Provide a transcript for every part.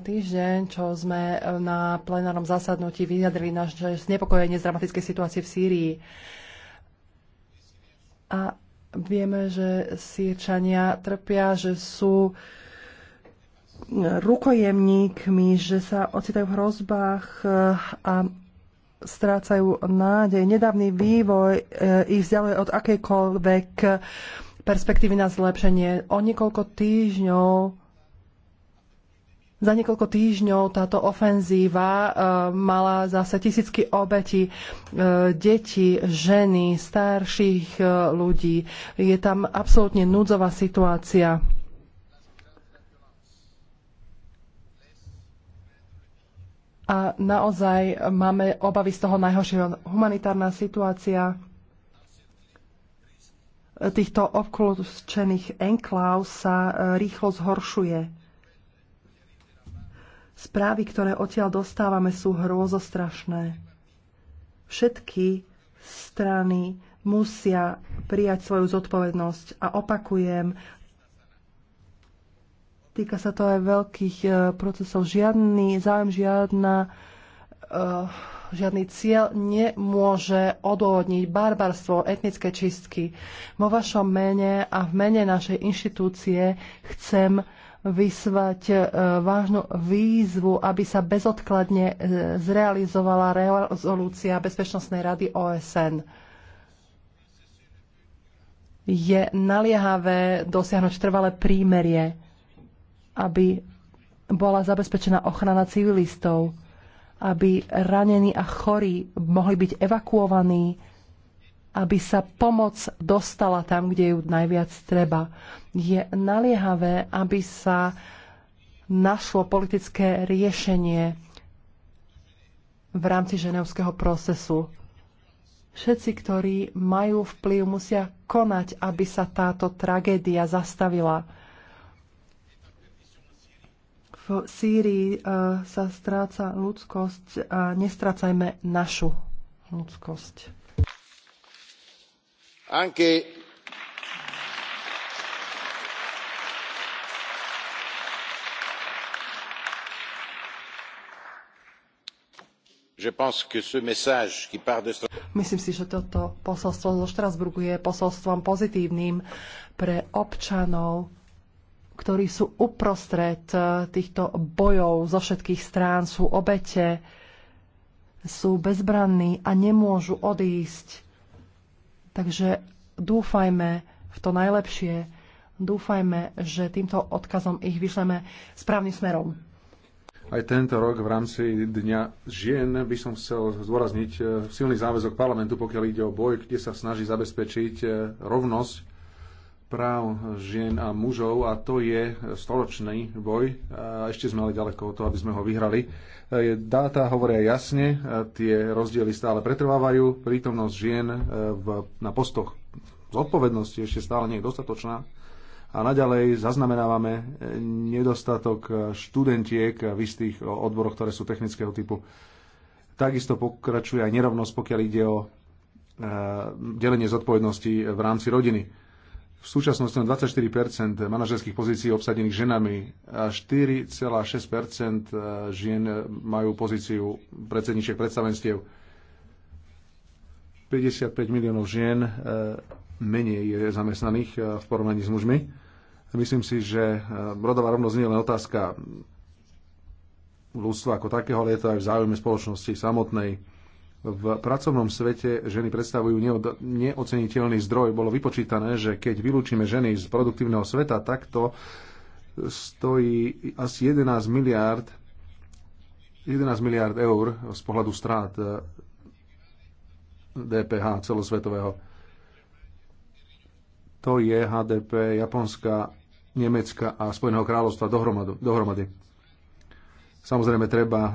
týždeň, čo sme e, na plenárnom zasadnutí vyjadrili naše znepokojenie z dramatickej situácie v Sýrii. A vieme, že Sýrčania trpia, že sú e, rukojemníkmi, že sa ocitajú v hrozbách e, a strácajú nádej. Nedávny vývoj ich vzdialuje od akejkoľvek perspektívy na zlepšenie. O niekoľko týždňov za niekoľko týždňov táto ofenzíva e, mala zase tisícky obeti, e, deti, ženy, starších e, ľudí. Je tam absolútne núdzová situácia. A naozaj máme obavy z toho najhoršieho. Humanitárna situácia týchto obklúčených enkláv sa rýchlo zhoršuje Správy, ktoré odtiaľ dostávame, sú hrôzostrašné. Všetky strany musia prijať svoju zodpovednosť. A opakujem, týka sa to aj veľkých e, procesov. Žiadny záujem, žiadna, e, žiadny cieľ nemôže odôvodniť barbarstvo, etnické čistky. Vo vašom mene a v mene našej inštitúcie chcem vysvať e, vážnu výzvu, aby sa bezodkladne e, zrealizovala rezolúcia Bezpečnostnej rady OSN. Je naliehavé dosiahnuť trvalé prímerie, aby bola zabezpečená ochrana civilistov, aby ranení a chorí mohli byť evakuovaní, aby sa pomoc dostala tam, kde ju najviac treba. Je naliehavé, aby sa našlo politické riešenie v rámci ženevského procesu. Všetci, ktorí majú vplyv, musia konať, aby sa táto tragédia zastavila. V Sýrii eh, sa stráca ľudskosť a nestrácajme našu ľudskosť anche Myslím si, že toto posolstvo zo Štrasburgu je posolstvom pozitívnym pre občanov, ktorí sú uprostred e, týchto bojov zo všetkých strán, sú obete, sú bezbranní a nemôžu odísť Takže dúfajme v to najlepšie, dúfajme, že týmto odkazom ich vyšleme správnym smerom. Aj tento rok v rámci Dňa žien by som chcel zdôrazniť eh, silný záväzok parlamentu, pokiaľ ide o boj, kde sa snaží zabezpečiť eh, rovnosť práv žien a mužov a to je storočný boj. ešte sme ale ďaleko od toho, aby sme ho vyhrali. E, dáta hovoria jasne, e, tie rozdiely stále pretrvávajú, prítomnosť žien e, v, na postoch zodpovednosti ešte stále nie je dostatočná a naďalej zaznamenávame nedostatok študentiek v istých odboroch, ktoré sú technického typu. Takisto pokračuje aj nerovnosť, pokiaľ ide o delenie zodpovednosti v rámci rodiny v súčasnosti na 24 manažerských pozícií obsadených ženami a 4,6 e, žien majú pozíciu predsedničiek predstavenstiev. 55 miliónov žien e, menej je zamestnaných e, v porovnaní s mužmi. Myslím si, že rodová rovnosť nie je len otázka ľudstva ako takého, ale je to aj v záujme spoločnosti samotnej v pracovnom svete ženy predstavujú neoceniteľný zdroj. Bolo vypočítané, že keď vylúčime ženy z produktívneho sveta, tak to stojí asi 11 miliárd 11 miliárd eur z pohľadu strát DPH eh, celosvetového. To je HDP Japonska, Nemecka a Spojeného kráľovstva dohromady. Samozrejme, treba e,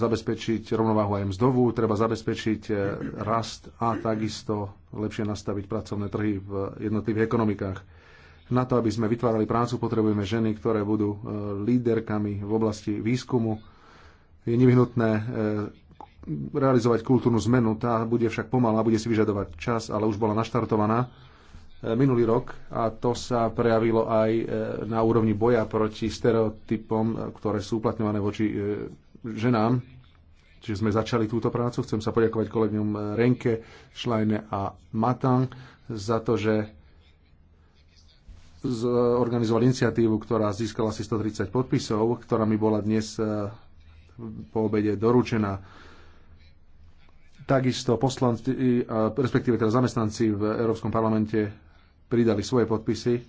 zabezpečiť rovnováhu aj mzdovú, treba zabezpečiť e, rast a takisto lepšie nastaviť pracovné trhy v jednotlivých ekonomikách. Na to, aby sme vytvárali prácu, potrebujeme ženy, ktoré budú e, líderkami v oblasti výskumu. Je nevyhnutné realizovať kultúrnu zmenu, tá bude však pomalá, bude si vyžadovať čas, ale už bola naštartovaná E, minulý rok a to sa prejavilo aj e, na úrovni boja proti stereotypom, e, ktoré sú uplatňované voči ženám. Čiže sme začali túto prácu. Chcem sa poďakovať kolegom Renke, Šlajne a Matan za to, že zorganizovali iniciatívu, ktorá získala asi 130 podpisov, ktorá mi bola dnes po obede doručená takisto poslanci, respektíve teda zamestnanci v Európskom parlamente pridali svoje podpisy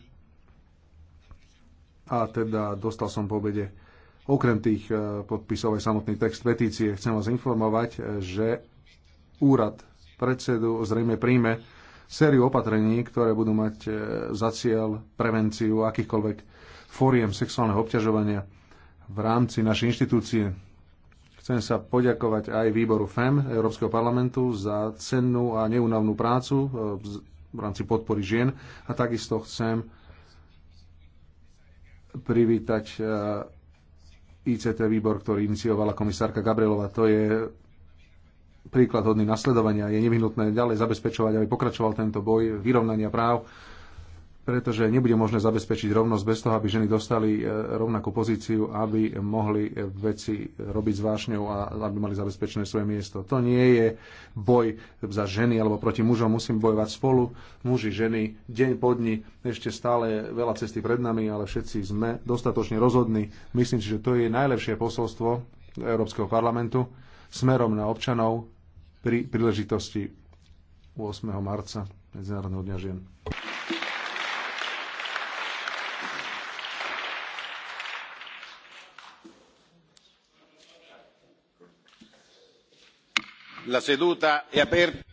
a teda dostal som po obede okrem tých e, podpisov aj samotný text petície. Chcem vás informovať, e, že úrad predsedu zrejme príjme sériu opatrení, ktoré budú mať e, za cieľ prevenciu akýchkoľvek fóriem sexuálneho obťažovania v rámci našej inštitúcie. Chcem sa poďakovať aj výboru FEM Európskeho parlamentu za cennú a neunavnú prácu v rámci podpory žien. A takisto chcem privítať e, ICT výbor, ktorý iniciovala komisárka Gabrielova. To je príklad hodný nasledovania. Je nevyhnutné ďalej zabezpečovať, aby pokračoval tento boj vyrovnania práv pretože nebude možné zabezpečiť rovnosť bez toho, aby ženy dostali e, rovnakú pozíciu, aby mohli e, veci robiť s vášňou a aby mali zabezpečené svoje miesto. To nie je boj za ženy alebo proti mužom. Musím bojovať spolu. Muži, ženy, deň po dni, ešte stále veľa cesty pred nami, ale všetci sme dostatočne rozhodní. Myslím si, že to je najlepšie posolstvo Európskeho parlamentu smerom na občanov pri príležitosti 8. marca Medzinárodného dňa žien. La seduta è aperta.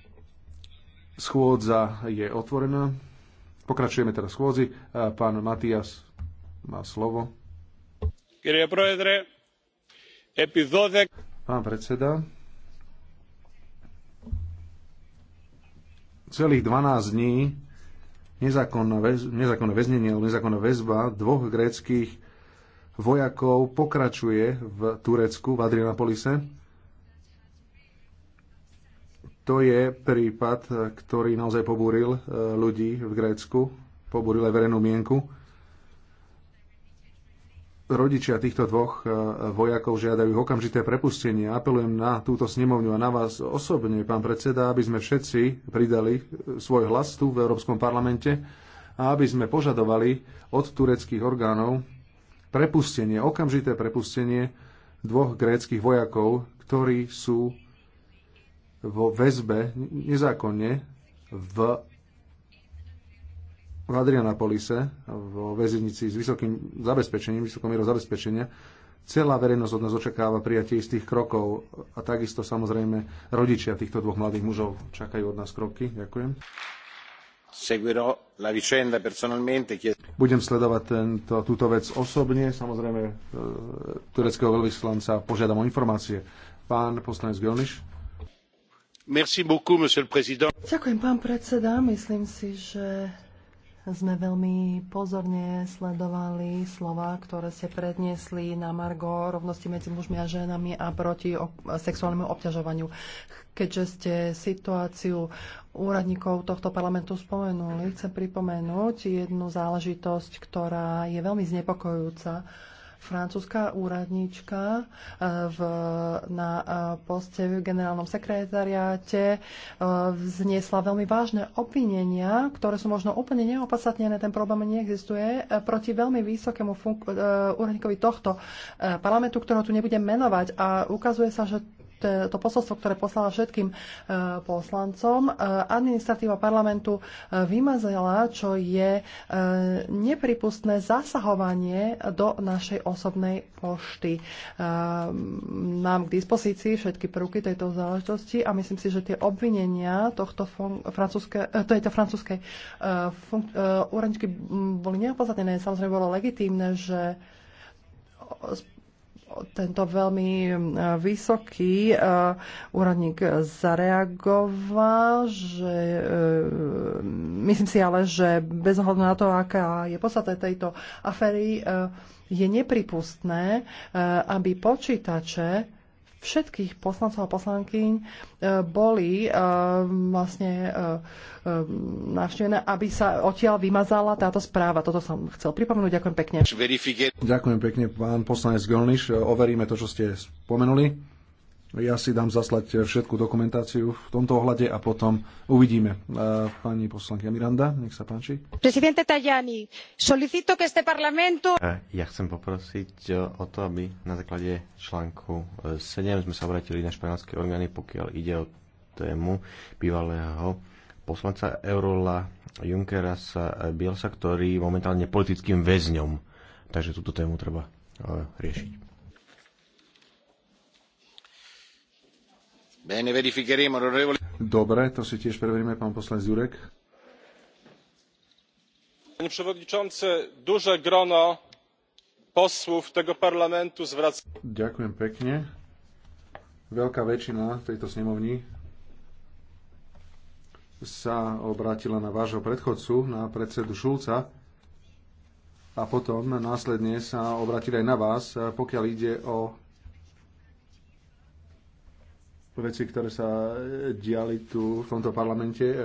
Schôdza je otvorená. Pokračujeme teraz schôdzi. Pán Matias má slovo. Pán predseda, celých 12 dní nezákonné, väz, väznenie alebo nezákonná väzba dvoch gréckých vojakov pokračuje v Turecku, v Adrianapolise. To je prípad, ktorý naozaj pobúril e, ľudí v Grécku, pobúril aj verejnú mienku. Rodičia týchto dvoch e, vojakov žiadajú okamžité prepustenie. Apelujem na túto snemovňu a na vás osobne, pán predseda, aby sme všetci pridali e, svoj hlas tu v Európskom parlamente a aby sme požadovali od tureckých orgánov prepustenie, okamžité prepustenie dvoch gréckých vojakov, ktorí sú vo väzbe nezákonne v, v Adrianapolise, vo väzenici s vysokým zabezpečením, vysokou mierou zabezpečenia. Celá verejnosť od nás očakáva prijatie istých krokov a takisto samozrejme rodičia týchto dvoch mladých mužov čakajú od nás kroky. Ďakujem. Budem sledovať tento, túto vec osobne. Samozrejme, e, tureckého veľvyslanca požiadam o informácie. Pán poslanec Gelniš. Ďakujem, pán predseda. Myslím si, že sme veľmi pozorne sledovali slova, ktoré ste predniesli na Margo rovnosti medzi mužmi a ženami a proti sexuálnemu obťažovaniu. Keďže ste situáciu úradníkov tohto parlamentu spomenuli, chcem pripomenúť jednu záležitosť, ktorá je veľmi znepokojujúca francúzska úradníčka eh, v, na eh, poste v generálnom sekretariáte eh, vzniesla veľmi vážne obvinenia, ktoré sú možno úplne neopasatnené, ten problém neexistuje, proti veľmi vysokému úradníkovi tohto parlamentu, ktorého tu nebudem menovať. A ukazuje sa, že to posolstvo, ktoré poslala všetkým e, poslancom. E, administratíva parlamentu e, vymazala, čo je nepripustné zasahovanie do našej osobnej pošty. Mám k dispozícii všetky prvky tejto záležitosti a myslím si, že tie obvinenia tohto fun- francúzske, tejto francúzskej fun- úradničky boli neopodstatnené. Samozrejme bolo legitímne, že tento veľmi e, vysoký e, úradník zareagoval, že e, myslím si ale, že bez ohľadu na to, aká je podstate tejto aféry, je nepripustné, aby počítače všetkých poslancov a poslankyň e, boli e, vlastne e, navštívené, aby sa odtiaľ vymazala táto správa. Toto som chcel pripomenúť. Ďakujem pekne. Ďakujem pekne, pán poslanec Golniš. Overíme to, čo ste spomenuli. Ja si dám zaslať všetku dokumentáciu v tomto ohľade a potom uvidíme. Pani poslanka Miranda, nech sa páči. Presidente Tajani, solicito que este parlamento... Ja chcem poprosiť o to, aby na základe článku 7 e, sme sa obratili na španielské orgány, pokiaľ ide o tému bývalého poslanca Eurola Junkera sa Bielsa, ktorý momentálne politickým väzňom. Takže túto tému treba e, riešiť. Dobre, to si tiež preveríme, pán poslanec Jurek. Panie przewodniczący, duże grono posłów tego parlamentu zwraca... Ďakujem pekne. Veľká väčšina tejto snemovni sa obrátila na vášho predchodcu, na predsedu Šulca a potom následne sa obratili aj na vás, pokiaľ ide o veci, ktoré sa e, diali tu v tomto parlamente, e,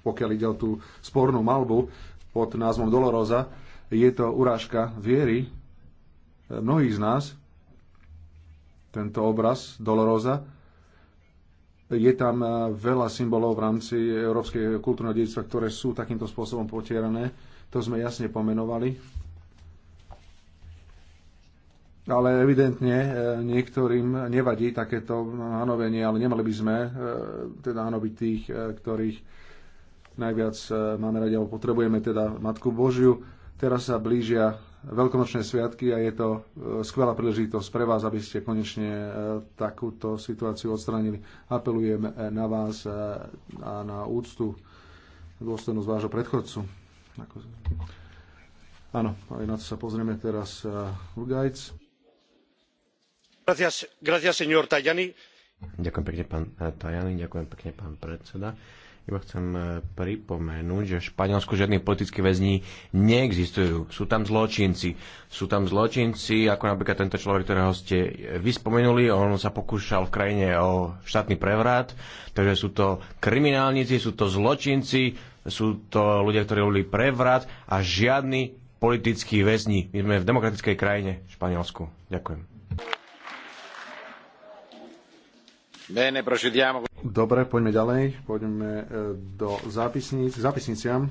pokiaľ ide o tú spornú malbu pod názvom Doloroza, je to urážka viery e, mnohých z nás, tento obraz Doloroza. Je tam veľa symbolov v rámci Európskej kultúrneho dedictva, ktoré sú takýmto spôsobom potierané. To sme jasne pomenovali ale evidentne e, niektorým nevadí takéto hanovenie, ale nemali by sme e, teda hanoviť tých, e, ktorých najviac máme radi alebo potrebujeme, teda Matku Božiu. Teraz sa blížia veľkonočné sviatky a je to skvelá príležitosť pre vás, aby ste konečne takúto situáciu odstránili. Apelujem na vás a na úctu dôstojnosť vášho predchodcu. Áno, aj na to sa pozrieme teraz. Uh, Gajc. Ďakujem pekne, pán eh, Tajani, ďakujem pekne, pán predseda. Iba chcem eh, pripomenúť, že v Španielsku žiadni politickí väzni neexistujú. Sú tam zločinci. Sú tam zločinci, ako napríklad tento človek, ktorého ste vyspomenuli. On sa pokúšal v krajine o štátny prevrat. Takže sú to kriminálnici, sú to zločinci, sú to ľudia, ktorí robili prevrat a žiadni politickí väzni. My sme v demokratickej krajine v Španielsku. Ďakujem. Dobre, poďme ďalej. Poďme eh, do zápisníc, k zápisniciam.